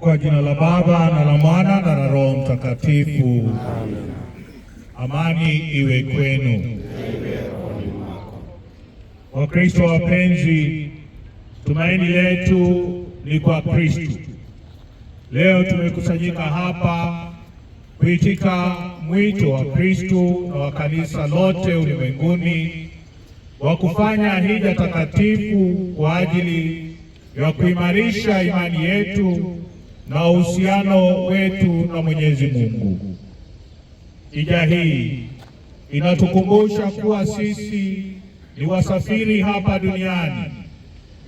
Kwa jina la Baba na la Mwana na la Roho Mtakatifu. Amani iwe kwenu. Wakristo wapenzi, tumaini letu ni kwa Kristo. Leo tumekusanyika hapa kuitika mwito wa Kristo na wa kanisa lote ulimwenguni wa kufanya hija takatifu kwa ajili ya kuimarisha imani yetu na uhusiano wetu na Mwenyezi Mungu. Hija hii inatukumbusha kuwa sisi ni wasafiri hapa duniani.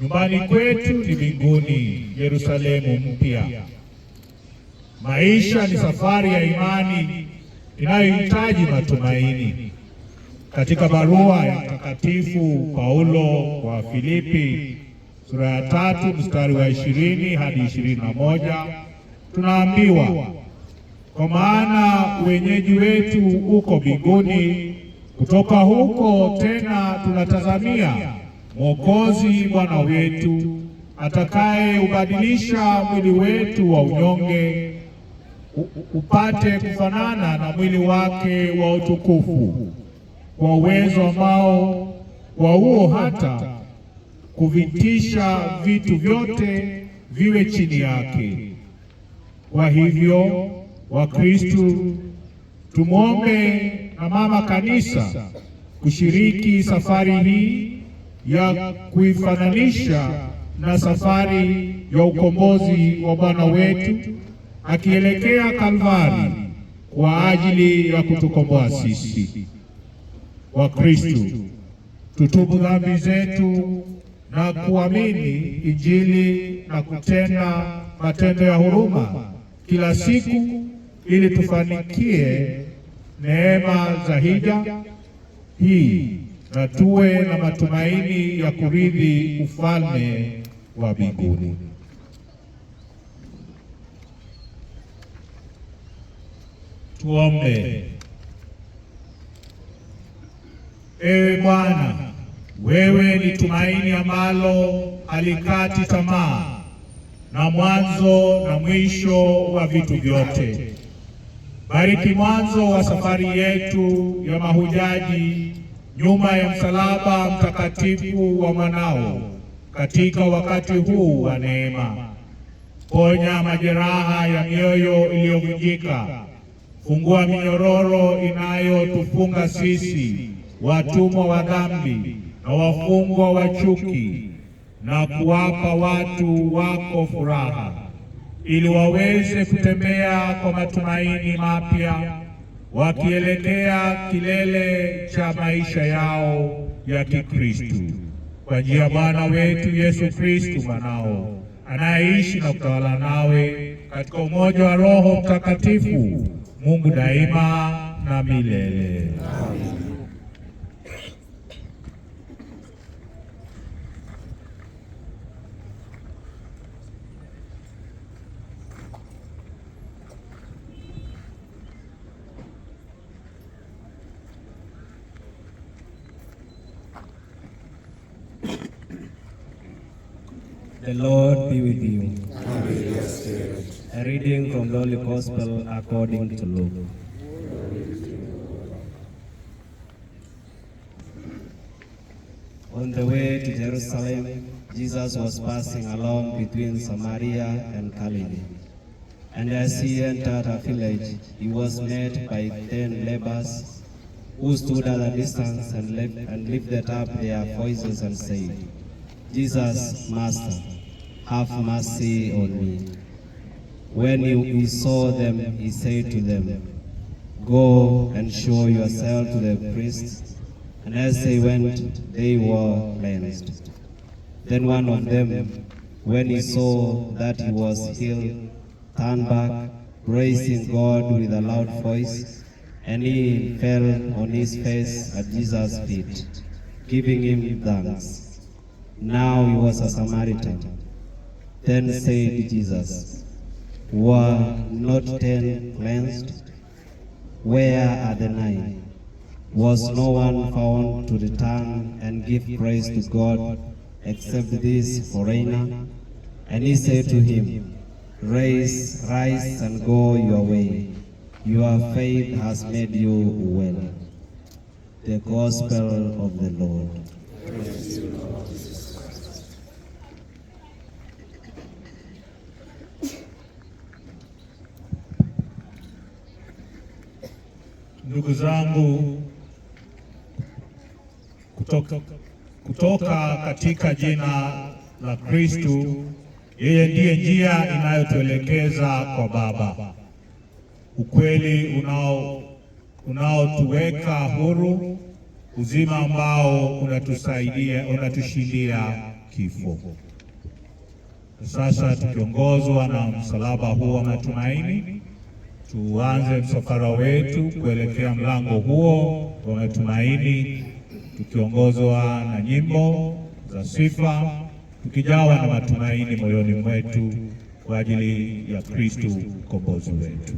Nyumbani kwetu ni mbinguni, Yerusalemu mpya. Maisha ni safari ya imani inayohitaji matumaini. Katika barua ya Mtakatifu Paulo kwa Filipi sura ya tatu mstari wa ishirini hadi ishirini na moja tunaambiwa kwa maana wenyeji wetu uko mbinguni, kutoka huko tena tunatazamia Mwokozi Bwana wetu atakayeubadilisha mwili wetu wa unyonge upate kufanana na mwili wake wa utukufu, kwa uwezo ambao kwa huo hata kuvitisha vitu vyote viwe chini yake. Kwa hivyo, Wakristu tumwombe na mama kanisa kushiriki safari hii ya kuifananisha na safari ya ukombozi wa Bwana wetu akielekea Kalvari kwa ajili ya kutukomboa sisi. Wakristu, tutubu dhambi zetu na kuamini Injili na kutenda matendo ya huruma kila siku ili tufanikie neema za hija hii na tuwe na matumaini ya kurithi ufalme wa mbinguni. Tuombe. Ewe Bwana wewe ni tumaini ambalo alikati tamaa na mwanzo na mwisho wa vitu vyote. Bariki mwanzo wa safari yetu ya mahujaji nyuma ya msalaba mtakatifu wa mwanao katika wakati huu wa neema. Ponya majeraha ya mioyo iliyovunjika, fungua minyororo inayotufunga sisi watumwa wa dhambi na wafungwa wa chuki na kuwapa watu wako furaha, ili waweze kutembea kwa matumaini mapya, wakielekea kilele cha maisha yao ya Kikristu kwa njia ya Bwana wetu Yesu Kristu mwanao anayeishi na kutawala nawe katika umoja wa Roho Mtakatifu, Mungu daima na milele. Amen. The Lord be with you. And with your spirit. A reading from the Holy Gospel according to Luke. On the way to Jerusalem, Jesus was passing along between Samaria and Galilee. And as he entered a village, he was met by ten lepers who stood at a distance and, and lifted up their voices and said, Jesus, Master have mercy on me. When he saw them, he said to them, Go and show yourself to the priests. And as they went, they were cleansed. Then one of them, when he saw that he was healed, turned back, praising God with a loud voice, and he fell on his face at Jesus' feet, giving him thanks. Now he was a Samaritan. Then said Jesus, Were not ten cleansed? Where are the nine? Was no one found to return and give praise to God except this foreigner? And he said to him, Rise, rise and go your way. Your faith has made you well. The Gospel of the Lord. ndugu zangu kutoka, kutoka katika jina la Kristu, yeye ndiye njia inayotuelekeza kwa Baba, ukweli unao unaotuweka huru, uzima ambao unatusaidia unatushindia kifo. Sasa tukiongozwa na msalaba huo wa matumaini tuanze msafara wetu kuelekea mlango huo wa matumaini, tukiongozwa na nyimbo za sifa, tukijawa na matumaini moyoni mwetu kwa ajili ya Kristo mkombozi wetu.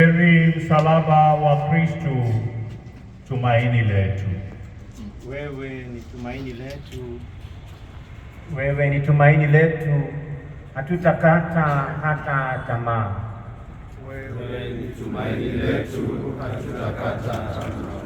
Heri msalaba wa Kristu, tumaini letu. Wewe ni tumaini letu, wewe ni tumaini letu, hatutakata hata tamaa. Wewe ni tumaini letu, hatutakata tamaa.